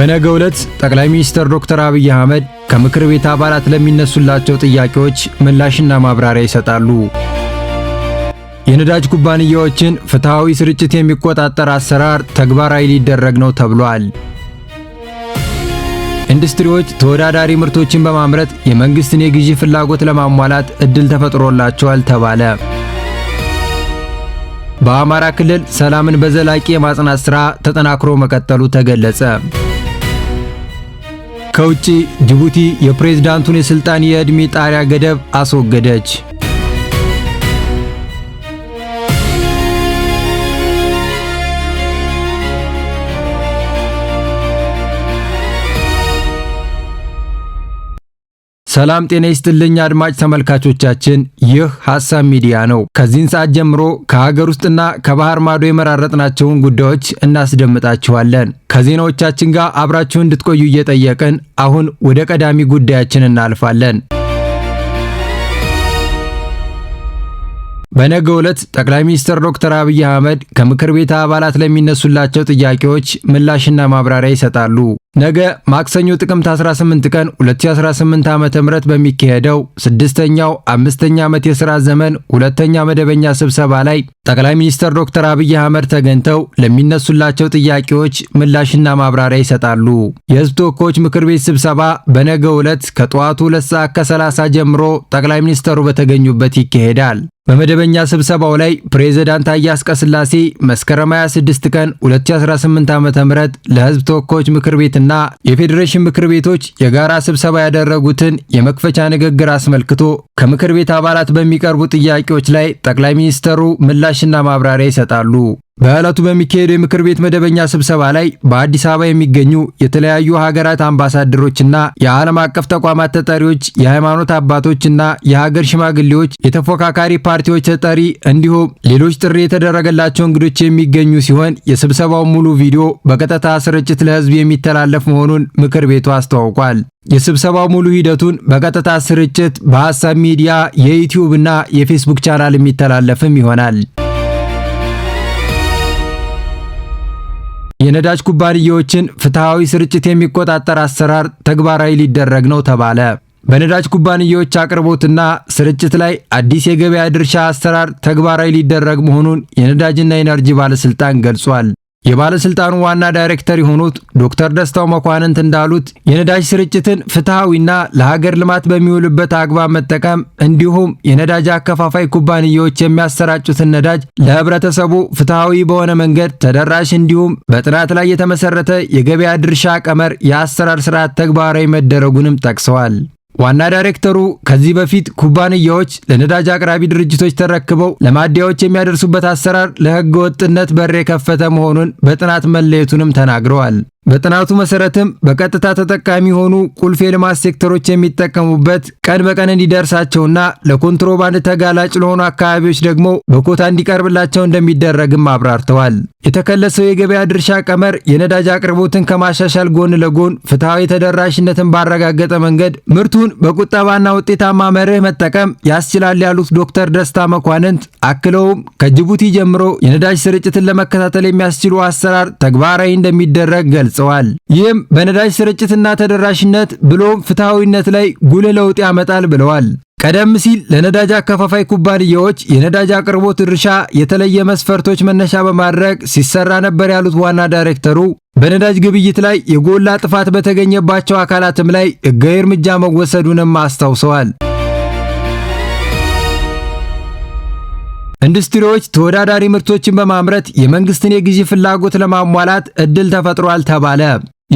በነገ ዕለት ጠቅላይ ሚኒስትር ዶክተር አብይ አህመድ ከምክር ቤት አባላት ለሚነሱላቸው ጥያቄዎች ምላሽና ማብራሪያ ይሰጣሉ። የነዳጅ ኩባንያዎችን ፍትሐዊ ስርጭት የሚቆጣጠር አሰራር ተግባራዊ ሊደረግ ነው ተብሏል። ኢንዱስትሪዎች ተወዳዳሪ ምርቶችን በማምረት የመንግስትን የግዢ ፍላጎት ለማሟላት ዕድል ተፈጥሮላቸዋል ተባለ። በአማራ ክልል ሰላምን በዘላቂ የማጽናት ሥራ ተጠናክሮ መቀጠሉ ተገለጸ። ከውጭ ጅቡቲ የፕሬዝዳንቱን የስልጣን የዕድሜ ጣሪያ ገደብ አስወገደች። ሰላም ጤና ይስጥልኝ አድማጭ ተመልካቾቻችን፣ ይህ ሀሳብ ሚዲያ ነው። ከዚህን ሰዓት ጀምሮ ከሀገር ውስጥና ከባህር ማዶ የመራረጥናቸውን ጉዳዮች እናስደምጣችኋለን። ከዜናዎቻችን ጋር አብራችሁ እንድትቆዩ እየጠየቅን አሁን ወደ ቀዳሚ ጉዳያችን እናልፋለን። በነገ ዕለት ጠቅላይ ሚኒስትር ዶክተር አብይ አህመድ ከምክር ቤት አባላት ለሚነሱላቸው ጥያቄዎች ምላሽና ማብራሪያ ይሰጣሉ። ነገ ማክሰኞ ጥቅምት 18 ቀን 2018 ዓ.ም በሚካሄደው ስድስተኛው አምስተኛ ዓመት የሥራ ዘመን ሁለተኛ መደበኛ ስብሰባ ላይ ጠቅላይ ሚኒስትር ዶክተር አብይ አህመድ ተገኝተው ለሚነሱላቸው ጥያቄዎች ምላሽና ማብራሪያ ይሰጣሉ። የሕዝብ ተወካዮች ምክር ቤት ስብሰባ በነገ ዕለት ከጠዋቱ 2 ሰዓት ከ30 ጀምሮ ጠቅላይ ሚኒስትሩ በተገኙበት ይካሄዳል። በመደበኛ ስብሰባው ላይ ፕሬዝዳንት ታዬ አጽቀሥላሴ መስከረም 26 ቀን 2018 ዓ.ም ለሕዝብ ተወካዮች ምክር ቤት እና የፌዴሬሽን ምክር ቤቶች የጋራ ስብሰባ ያደረጉትን የመክፈቻ ንግግር አስመልክቶ ከምክር ቤት አባላት በሚቀርቡ ጥያቄዎች ላይ ጠቅላይ ሚኒስትሩ ምላሽና ማብራሪያ ይሰጣሉ። በዕለቱ በሚካሄደው የምክር ቤት መደበኛ ስብሰባ ላይ በአዲስ አበባ የሚገኙ የተለያዩ ሀገራት አምባሳደሮችና የዓለም አቀፍ ተቋማት ተጠሪዎች፣ የሃይማኖት አባቶችና የሀገር ሽማግሌዎች፣ የተፎካካሪ ፓርቲዎች ተጠሪ እንዲሁም ሌሎች ጥሪ የተደረገላቸው እንግዶች የሚገኙ ሲሆን የስብሰባው ሙሉ ቪዲዮ በቀጥታ ስርጭት ለሕዝብ የሚተላለፍ መሆኑን ምክር ቤቱ አስተዋውቋል። የስብሰባው ሙሉ ሂደቱን በቀጥታ ስርጭት በሀሳብ ሚዲያ የዩቲዩብ እና የፌስቡክ ቻናል የሚተላለፍም ይሆናል። የነዳጅ ኩባንያዎችን ፍትሐዊ ስርጭት የሚቆጣጠር አሰራር ተግባራዊ ሊደረግ ነው ተባለ። በነዳጅ ኩባንያዎች አቅርቦትና ስርጭት ላይ አዲስ የገበያ ድርሻ አሰራር ተግባራዊ ሊደረግ መሆኑን የነዳጅና ኢነርጂ ባለስልጣን ገልጿል። የባለስልጣኑ ዋና ዳይሬክተር የሆኑት ዶክተር ደስታው መኳንንት እንዳሉት የነዳጅ ስርጭትን ፍትሐዊና ለሀገር ልማት በሚውልበት አግባብ መጠቀም እንዲሁም የነዳጅ አከፋፋይ ኩባንያዎች የሚያሰራጩትን ነዳጅ ለህብረተሰቡ ፍትሐዊ በሆነ መንገድ ተደራሽ እንዲሁም በጥናት ላይ የተመሰረተ የገበያ ድርሻ ቀመር የአሰራር ስርዓት ተግባራዊ መደረጉንም ጠቅሰዋል። ዋና ዳይሬክተሩ ከዚህ በፊት ኩባንያዎች ለነዳጅ አቅራቢ ድርጅቶች ተረክበው ለማደያዎች የሚያደርሱበት አሰራር ለህገ ወጥነት በር የከፈተ መሆኑን በጥናት መለየቱንም ተናግረዋል። በጥናቱ መሰረትም በቀጥታ ተጠቃሚ የሆኑ ቁልፍ የልማት ሴክተሮች የሚጠቀሙበት ቀን በቀን እንዲደርሳቸውና ለኮንትሮባንድ ተጋላጭ ለሆኑ አካባቢዎች ደግሞ በኮታ እንዲቀርብላቸው እንደሚደረግም አብራርተዋል። የተከለሰው የገበያ ድርሻ ቀመር የነዳጅ አቅርቦትን ከማሻሻል ጎን ለጎን ፍትሐዊ ተደራሽነትን ባረጋገጠ መንገድ ምርቱን በቁጠባና ውጤታማ መርህ መጠቀም ያስችላል ያሉት ዶክተር ደስታ መኳንንት አክለውም ከጅቡቲ ጀምሮ የነዳጅ ስርጭትን ለመከታተል የሚያስችሉ አሰራር ተግባራዊ እንደሚደረግ ገልጸዋል። ገልጸዋል። ይህም በነዳጅ ስርጭትና ተደራሽነት ብሎም ፍትሐዊነት ላይ ጉልህ ለውጥ ያመጣል ብለዋል። ቀደም ሲል ለነዳጅ አከፋፋይ ኩባንያዎች የነዳጅ አቅርቦት ድርሻ የተለየ መስፈርቶች መነሻ በማድረግ ሲሰራ ነበር ያሉት ዋና ዳይሬክተሩ በነዳጅ ግብይት ላይ የጎላ ጥፋት በተገኘባቸው አካላትም ላይ ሕጋዊ እርምጃ መወሰዱንም አስታውሰዋል። ኢንዱስትሪዎች ተወዳዳሪ ምርቶችን በማምረት የመንግስትን የግዢ ፍላጎት ለማሟላት እድል ተፈጥሯል ተባለ።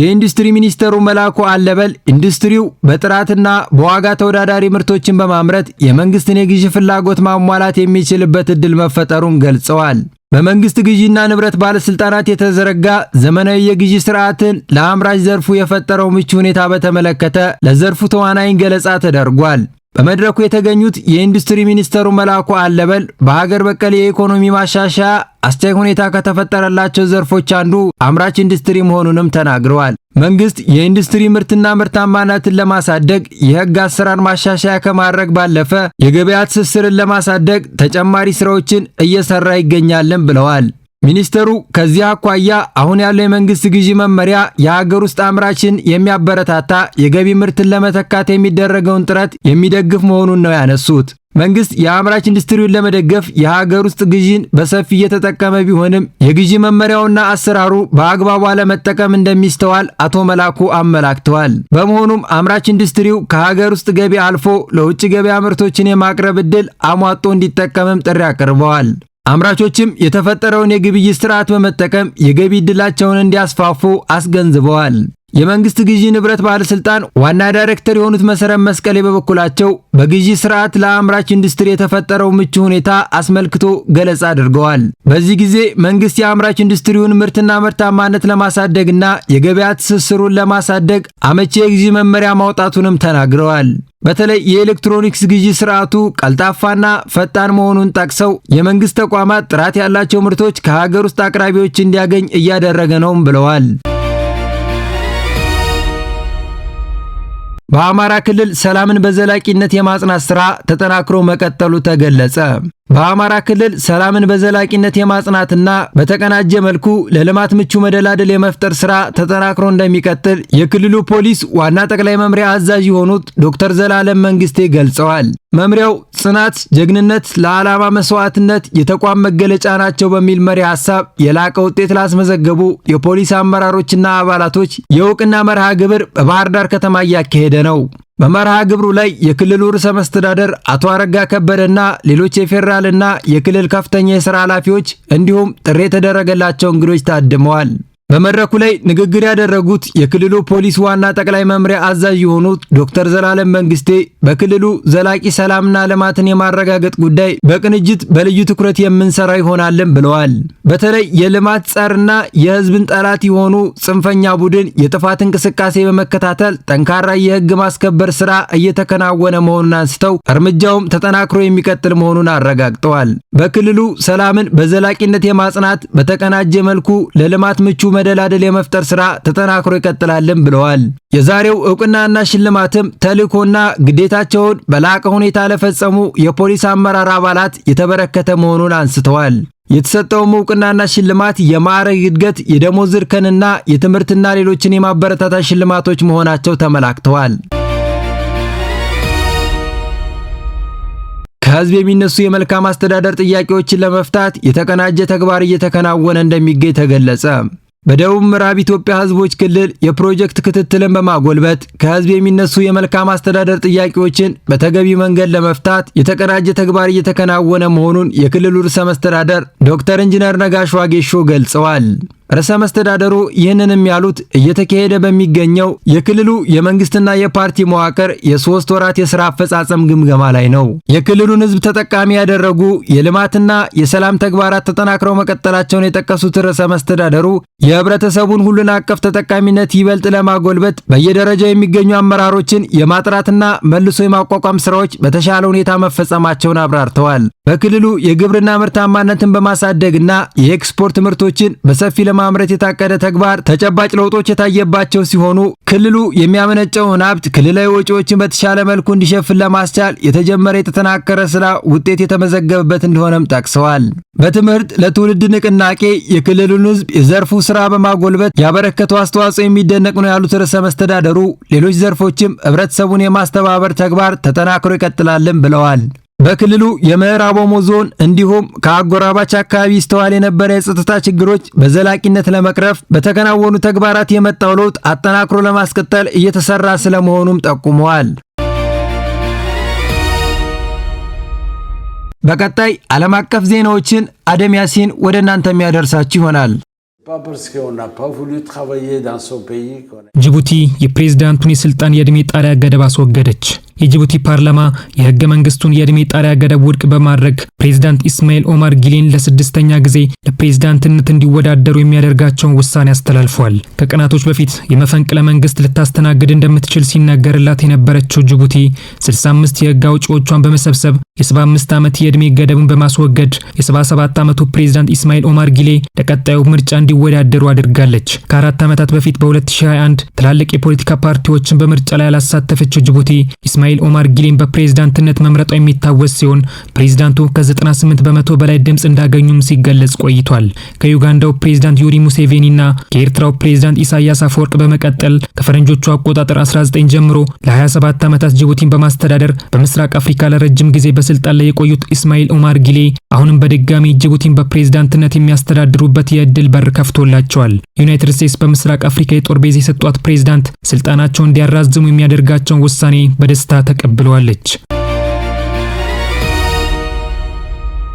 የኢንዱስትሪ ሚኒስተሩ መላኩ አለበል ኢንዱስትሪው በጥራትና በዋጋ ተወዳዳሪ ምርቶችን በማምረት የመንግስትን የግዢ ፍላጎት ማሟላት የሚችልበት እድል መፈጠሩን ገልጸዋል። በመንግስት ግዢና ንብረት ባለስልጣናት የተዘረጋ ዘመናዊ የግዢ ስርዓትን ለአምራች ዘርፉ የፈጠረው ምቹ ሁኔታ በተመለከተ ለዘርፉ ተዋናይን ገለጻ ተደርጓል። በመድረኩ የተገኙት የኢንዱስትሪ ሚኒስተሩ መላኩ አለበል በሀገር በቀል የኢኮኖሚ ማሻሻያ አስቻይ ሁኔታ ከተፈጠረላቸው ዘርፎች አንዱ አምራች ኢንዱስትሪ መሆኑንም ተናግረዋል። መንግስት የኢንዱስትሪ ምርትና ምርታማነትን ለማሳደግ የህግ አሰራር ማሻሻያ ከማድረግ ባለፈ የገበያ ትስስርን ለማሳደግ ተጨማሪ ስራዎችን እየሰራ ይገኛልን ብለዋል። ሚኒስተሩ ከዚህ አኳያ አሁን ያለው የመንግስት ግዢ መመሪያ የሀገር ውስጥ አምራችን የሚያበረታታ የገቢ ምርትን ለመተካት የሚደረገውን ጥረት የሚደግፍ መሆኑን ነው ያነሱት። መንግስት የአምራች ኢንዱስትሪውን ለመደገፍ የሀገር ውስጥ ግዢን በሰፊ እየተጠቀመ ቢሆንም የግዢ መመሪያውና አሰራሩ በአግባቡ አለመጠቀም እንደሚስተዋል አቶ መላኩ አመላክተዋል። በመሆኑም አምራች ኢንዱስትሪው ከሀገር ውስጥ ገቢ አልፎ ለውጭ ገበያ ምርቶችን የማቅረብ ዕድል አሟጦ እንዲጠቀምም ጥሪ አቅርበዋል። አምራቾችም የተፈጠረውን የግብይት ስርዓት በመጠቀም የገቢ ዕድላቸውን እንዲያስፋፉ አስገንዝበዋል። የመንግስት ግዢ ንብረት ባለስልጣን ዋና ዳይሬክተር የሆኑት መሰረት መስቀሌ በበኩላቸው በግዢ ስርዓት ለአምራች ኢንዱስትሪ የተፈጠረው ምቹ ሁኔታ አስመልክቶ ገለጻ አድርገዋል። በዚህ ጊዜ መንግስት የአምራች ኢንዱስትሪውን ምርትና ምርታማነት ለማሳደግና የገበያ ትስስሩን ለማሳደግ አመቺ የግዢ መመሪያ ማውጣቱንም ተናግረዋል። በተለይ የኤሌክትሮኒክስ ግዢ ስርዓቱ ቀልጣፋና ፈጣን መሆኑን ጠቅሰው የመንግስት ተቋማት ጥራት ያላቸው ምርቶች ከሀገር ውስጥ አቅራቢዎች እንዲያገኝ እያደረገ ነውም ብለዋል። በአማራ ክልል ሰላምን በዘላቂነት የማጽናት ስራ ተጠናክሮ መቀጠሉ ተገለጸ። በአማራ ክልል ሰላምን በዘላቂነት የማጽናትና በተቀናጀ መልኩ ለልማት ምቹ መደላደል የመፍጠር ስራ ተጠናክሮ እንደሚቀጥል የክልሉ ፖሊስ ዋና ጠቅላይ መምሪያ አዛዥ የሆኑት ዶክተር ዘላለም መንግስቴ ገልጸዋል። መምሪያው ጽናት፣ ጀግንነት፣ ለዓላማ መስዋዕትነት የተቋም መገለጫ ናቸው በሚል መሪ ሀሳብ የላቀ ውጤት ላስመዘገቡ የፖሊስ አመራሮችና አባላቶች የእውቅና መርሃ ግብር በባህር ዳር ከተማ እያካሄደ ነው። በመርሃ ግብሩ ላይ የክልሉ ርዕሰ መስተዳደር አቶ አረጋ ከበደና ሌሎች የፌዴራልና የክልል ከፍተኛ የሥራ ኃላፊዎች እንዲሁም ጥሪ የተደረገላቸው እንግዶች ታድመዋል። በመድረኩ ላይ ንግግር ያደረጉት የክልሉ ፖሊስ ዋና ጠቅላይ መምሪያ አዛዥ የሆኑት ዶክተር ዘላለም መንግስቴ በክልሉ ዘላቂ ሰላምና ልማትን የማረጋገጥ ጉዳይ በቅንጅት በልዩ ትኩረት የምንሰራ ይሆናልን ብለዋል። በተለይ የልማት ጸርና የህዝብን ጠላት የሆኑ ጽንፈኛ ቡድን የጥፋት እንቅስቃሴ በመከታተል ጠንካራ የህግ ማስከበር ስራ እየተከናወነ መሆኑን አንስተው እርምጃውም ተጠናክሮ የሚቀጥል መሆኑን አረጋግጠዋል። በክልሉ ሰላምን በዘላቂነት የማጽናት በተቀናጀ መልኩ ለልማት ምቹ መ። መደላደል የመፍጠር ሥራ ተጠናክሮ ይቀጥላልም ብለዋል። የዛሬው እውቅናና ሽልማትም ተልእኮና ግዴታቸውን በላቀ ሁኔታ ለፈጸሙ የፖሊስ አመራር አባላት የተበረከተ መሆኑን አንስተዋል። የተሰጠውም እውቅናና ሽልማት የማዕረግ እድገት፣ የደሞዝ እርከንና የትምህርትና ሌሎችን የማበረታታ ሽልማቶች መሆናቸው ተመላክተዋል። ከህዝብ የሚነሱ የመልካም አስተዳደር ጥያቄዎችን ለመፍታት የተቀናጀ ተግባር እየተከናወነ እንደሚገኝ ተገለጸ። በደቡብ ምዕራብ ኢትዮጵያ ህዝቦች ክልል የፕሮጀክት ክትትልን በማጎልበት ከህዝብ የሚነሱ የመልካም አስተዳደር ጥያቄዎችን በተገቢ መንገድ ለመፍታት የተቀናጀ ተግባር እየተከናወነ መሆኑን የክልሉ ርዕሰ መስተዳደር ዶክተር ኢንጂነር ነጋሽ ዋጌሾ ገልጸዋል። ርዕሰ መስተዳደሩ ይህንንም ያሉት እየተካሄደ በሚገኘው የክልሉ የመንግስትና የፓርቲ መዋቅር የሶስት ወራት የስራ አፈጻጸም ግምገማ ላይ ነው። የክልሉን ህዝብ ተጠቃሚ ያደረጉ የልማትና የሰላም ተግባራት ተጠናክረው መቀጠላቸውን የጠቀሱት ርዕሰ መስተዳደሩ የህብረተሰቡን ሁሉን አቀፍ ተጠቃሚነት ይበልጥ ለማጎልበት በየደረጃው የሚገኙ አመራሮችን የማጥራትና መልሶ የማቋቋም ስራዎች በተሻለ ሁኔታ መፈጸማቸውን አብራርተዋል። በክልሉ የግብርና ምርታማነትን በማሳደግና የኤክስፖርት ምርቶችን በሰፊ ለማምረት የታቀደ ተግባር ተጨባጭ ለውጦች የታየባቸው ሲሆኑ ክልሉ የሚያመነጨውን ሀብት ክልላዊ ወጪዎችን በተሻለ መልኩ እንዲሸፍን ለማስቻል የተጀመረ የተጠናከረ ስራ ውጤት የተመዘገበበት እንደሆነም ጠቅሰዋል። በትምህርት ለትውልድ ንቅናቄ የክልሉን ህዝብ የዘርፉ ስራ በማጎልበት ያበረከተው አስተዋጽኦ የሚደነቅ ነው ያሉት ርዕሰ መስተዳደሩ ሌሎች ዘርፎችም ህብረተሰቡን የማስተባበር ተግባር ተጠናክሮ ይቀጥላልን ብለዋል። በክልሉ የምዕራብ ኦሞ ዞን እንዲሁም ከአጎራባች አካባቢ ይስተዋል የነበረ የጸጥታ ችግሮች በዘላቂነት ለመቅረፍ በተከናወኑ ተግባራት የመጣው ለውጥ አጠናክሮ ለማስቀጠል እየተሰራ ስለመሆኑም ጠቁመዋል። በቀጣይ ዓለም አቀፍ ዜናዎችን አደም ያሲን ወደ እናንተ የሚያደርሳችሁ ይሆናል። ጅቡቲ የፕሬዝዳንቱን የስልጣን የዕድሜ ጣሪያ ገደብ አስወገደች። የጅቡቲ ፓርላማ የህገ መንግስቱን የእድሜ ጣሪያ ገደብ ውድቅ በማድረግ ፕሬዚዳንት ኢስማኤል ኦማር ጊሌን ለስድስተኛ ጊዜ ለፕሬዚዳንትነት እንዲወዳደሩ የሚያደርጋቸውን ውሳኔ አስተላልፏል። ከቀናቶች በፊት የመፈንቅለ መንግስት ልታስተናግድ እንደምትችል ሲነገርላት የነበረችው ጅቡቲ 65 የህግ አውጪዎቿን በመሰብሰብ የ75 ዓመት የእድሜ ገደብን በማስወገድ የ77 ዓመቱ ፕሬዚዳንት ኢስማኤል ኦማር ጊሌ ለቀጣዩ ምርጫ እንዲወዳደሩ አድርጋለች። ከአራት ዓመታት በፊት በ2021 ትላልቅ የፖለቲካ ፓርቲዎችን በምርጫ ላይ ያላሳተፈችው ጅቡቲ ኢስማኤል ኦማር ጊሌን በፕሬዝዳንትነት መምረጧ የሚታወስ ሲሆን ፕሬዝዳንቱ ከ98 በመቶ በላይ ድምፅ እንዳገኙም ሲገለጽ ቆይቷል። ከዩጋንዳው ፕሬዝዳንት ዩሪ ሙሴቬኒና ከኤርትራው ፕሬዝዳንት ኢሳያስ አፈወርቅ በመቀጠል ከፈረንጆቹ አቆጣጠር 19 ጀምሮ ለ27 ዓመታት ጅቡቲን በማስተዳደር በምስራቅ አፍሪካ ለረጅም ጊዜ በስልጣን ላይ የቆዩት ኢስማኤል ኦማር ጊሌ አሁንም በድጋሚ ጅቡቲን በፕሬዝዳንትነት የሚያስተዳድሩበት የእድል በር ከፍቶላቸዋል። ዩናይትድ ስቴትስ በምስራቅ አፍሪካ የጦር ቤዝ የሰጧት ፕሬዝዳንት ስልጣናቸውን እንዲያራዝሙ የሚያደርጋቸውን ውሳኔ በደስታ ተቀብለዋለች።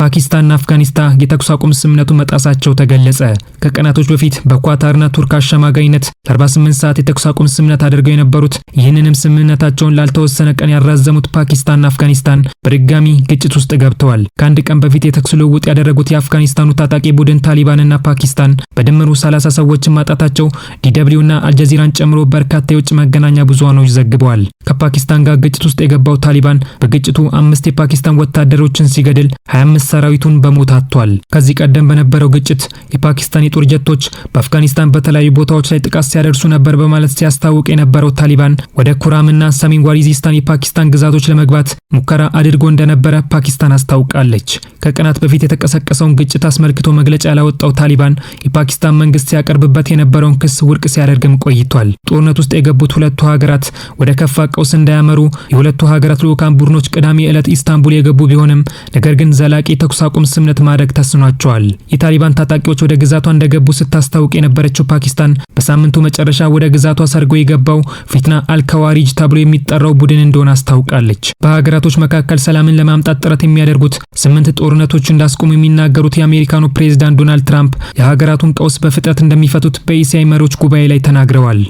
ፓኪስታንና አፍጋኒስታን የተኩስ አቁም ስምምነቱን መጣሳቸው ተገለጸ። ከቀናቶች በፊት በኳታርና ቱርክ አሸማጋይነት ለ48 ሰዓት የተኩስ አቁም ስምምነት አድርገው የነበሩት ይህንንም ስምምነታቸውን ላልተወሰነ ቀን ያራዘሙት ፓኪስታንና አፍጋኒስታን በድጋሚ ግጭት ውስጥ ገብተዋል። ከአንድ ቀን በፊት የተኩስ ልውውጥ ያደረጉት የአፍጋኒስታኑ ታጣቂ ቡድን ታሊባንና ፓኪስታን በድምሩ 30 ሰዎችን ማጣታቸው ዲደብሊውና አልጀዚራን ጨምሮ በርካታ የውጭ መገናኛ ብዙሃኖች ዘግበዋል። ከፓኪስታን ጋር ግጭት ውስጥ የገባው ታሊባን በግጭቱ አምስት የፓኪስታን ወታደሮችን ሲገድል 25 ሰራዊቱን በሞት አጥቷል። ከዚህ ቀደም በነበረው ግጭት የፓኪስታን የጦር ጀቶች በአፍጋኒስታን በተለያዩ ቦታዎች ላይ ጥቃት ሲያደርሱ ነበር በማለት ሲያስታውቅ የነበረው ታሊባን ወደ ኩራምና ሰሜን ዋዚሪስታን የፓኪስታን ግዛቶች ለመግባት ሙከራ አድርጎ እንደነበረ ፓኪስታን አስታውቃለች። ከቀናት በፊት የተቀሰቀሰውን ግጭት አስመልክቶ መግለጫ ያላወጣው ታሊባን የፓኪስታን መንግስት ሲያቀርብበት የነበረውን ክስ ውድቅ ሲያደርግም ቆይቷል። ጦርነት ውስጥ የገቡት ሁለቱ ሀገራት ወደ ከፋ ቀውስ እንዳያመሩ የሁለቱ ሀገራት ልዑካን ቡድኖች ቅዳሜ ዕለት ኢስታንቡል የገቡ ቢሆንም ነገር ግን ዘላቂ የተኩስ አቁም ስምነት ማድረግ ተስኗቸዋል። የታሊባን ታጣቂዎች ወደ ግዛቷ እንደገቡ ስታስታውቅ የነበረችው ፓኪስታን በሳምንቱ መጨረሻ ወደ ግዛቷ ሰርጎ የገባው ፊትና አልከዋሪጅ ተብሎ የሚጠራው ቡድን እንደሆነ አስታውቃለች። በሀገራቶች መካከል ሰላምን ለማምጣት ጥረት የሚያደርጉት ስምንት ጦርነቶች እንዳስቆሙ የሚናገሩት የአሜሪካኑ ፕሬዚዳንት ዶናልድ ትራምፕ የሀገራቱን ቀውስ በፍጥነት እንደሚፈቱት በኢሲአይ መሪዎች ጉባኤ ላይ ተናግረዋል።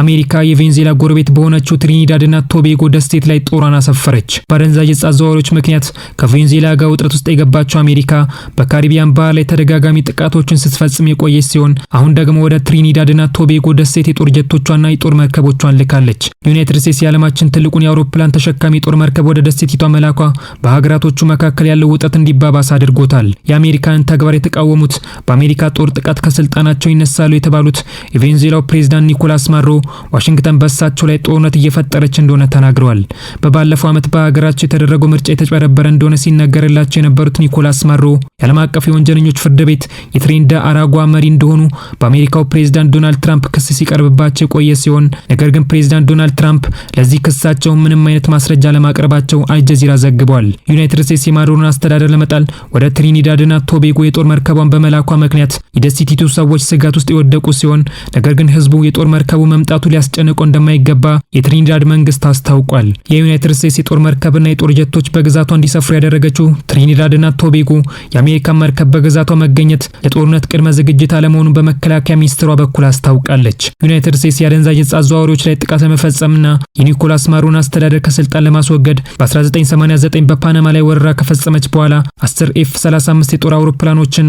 አሜሪካ የቬንዙዌላ ጎረቤት በሆነችው ትሪኒዳድና ቶቤጎ ደሴት ላይ ጦሯን አሰፈረች። በአደንዛዥ እጽ አዘዋዋሪዎች ምክንያት ከቬንዙዌላ ጋር ውጥረት ውስጥ የገባቸው አሜሪካ በካሪቢያን ባህር ላይ ተደጋጋሚ ጥቃቶችን ስትፈጽም የቆየች ሲሆን አሁን ደግሞ ወደ ትሪኒዳድና ቶቤጎ ደሴት የጦር ጀቶቿና የጦር መርከቦቿን ልካለች። ዩናይትድ ስቴትስ የዓለማችን ትልቁን የአውሮፕላን ተሸካሚ የጦር መርከብ ወደ ደሴቲቷ መላኳ በሀገራቶቹ መካከል ያለው ውጥረት እንዲባባስ አድርጎታል። የአሜሪካን ተግባር የተቃወሙት በአሜሪካ ጦር ጥቃት ከስልጣናቸው ይነሳሉ የተባሉት የቬንዙዌላው ፕሬዚዳንት ኒኮላስ ማድሮ ዋሽንግተን በእሳቸው ላይ ጦርነት እየፈጠረች እንደሆነ ተናግረዋል። በባለፈው ዓመት በሀገራቸው የተደረገው ምርጫ የተጨበረበረ እንደሆነ ሲነገርላቸው የነበሩት ኒኮላስ ማሮ የዓለም አቀፍ የወንጀለኞች ፍርድ ቤት የትሬንደ አራጓ መሪ እንደሆኑ በአሜሪካው ፕሬዚዳንት ዶናልድ ትራምፕ ክስ ሲቀርብባቸው የቆየ ሲሆን ነገር ግን ፕሬዚዳንት ዶናልድ ትራምፕ ለዚህ ክሳቸው ምንም አይነት ማስረጃ ለማቅረባቸው አልጀዚራ ዘግቧል። ዩናይትድ ስቴትስ የማሮን አስተዳደር ለመጣል ወደ ትሪኒዳድና ቶቤጎ የጦር መርከቧን በመላኳ ምክንያት የደሴቲቱ ሰዎች ስጋት ውስጥ የወደቁ ሲሆን ነገር ግን ህዝቡ የጦር መርከቡ መምጣት መምጣቱ ሊያስጨንቀው እንደማይገባ የትሪኒዳድ መንግስት አስታውቋል። የዩናይትድ ስቴትስ የጦር መርከብና የጦር ጀቶች በግዛቷ እንዲሰፍሩ ያደረገችው ትሪኒዳድና ቶቤጎ የአሜሪካን መርከብ በግዛቷ መገኘት ለጦርነት ቅድመ ዝግጅት አለመሆኑን በመከላከያ ሚኒስትሯ በኩል አስታውቃለች። ዩናይትድ ስቴትስ የአደንዛዥ ዕፅ አዘዋዋሪዎች ላይ ጥቃት ለመፈጸምና የኒኮላስ ማሩን አስተዳደር ከስልጣን ለማስወገድ በ1989 በፓናማ ላይ ወረራ ከፈጸመች በኋላ 10 ኤፍ 35 የጦር አውሮፕላኖችና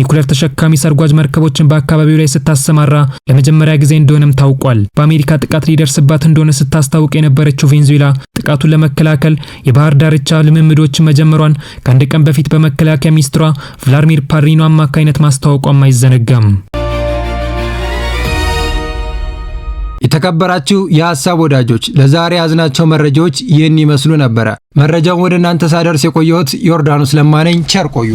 ኒኩሌር ተሸካሚ ሰርጓጅ መርከቦችን በአካባቢው ላይ ስታሰማራ ለመጀመሪያ ጊዜ እንደሆነም ታውቋል። በአሜሪካ ጥቃት ሊደርስባት እንደሆነ ስታስታውቅ የነበረችው ቬንዙዌላ ጥቃቱን ለመከላከል የባህር ዳርቻ ልምምዶችን መጀመሯን ከአንድ ቀን በፊት በመከላከያ ሚኒስትሯ ቭላድሚር ፓሪኖ አማካኝነት ማስታወቋም አይዘነጋም። የተከበራችሁ የሀሳብ ወዳጆች ለዛሬ ያዝናቸው መረጃዎች ይህን ይመስሉ ነበረ። መረጃውን ወደ እናንተ ሳደርስ የቆየሁት ዮርዳኖስ ለማነኝ ቸር ቆዩ።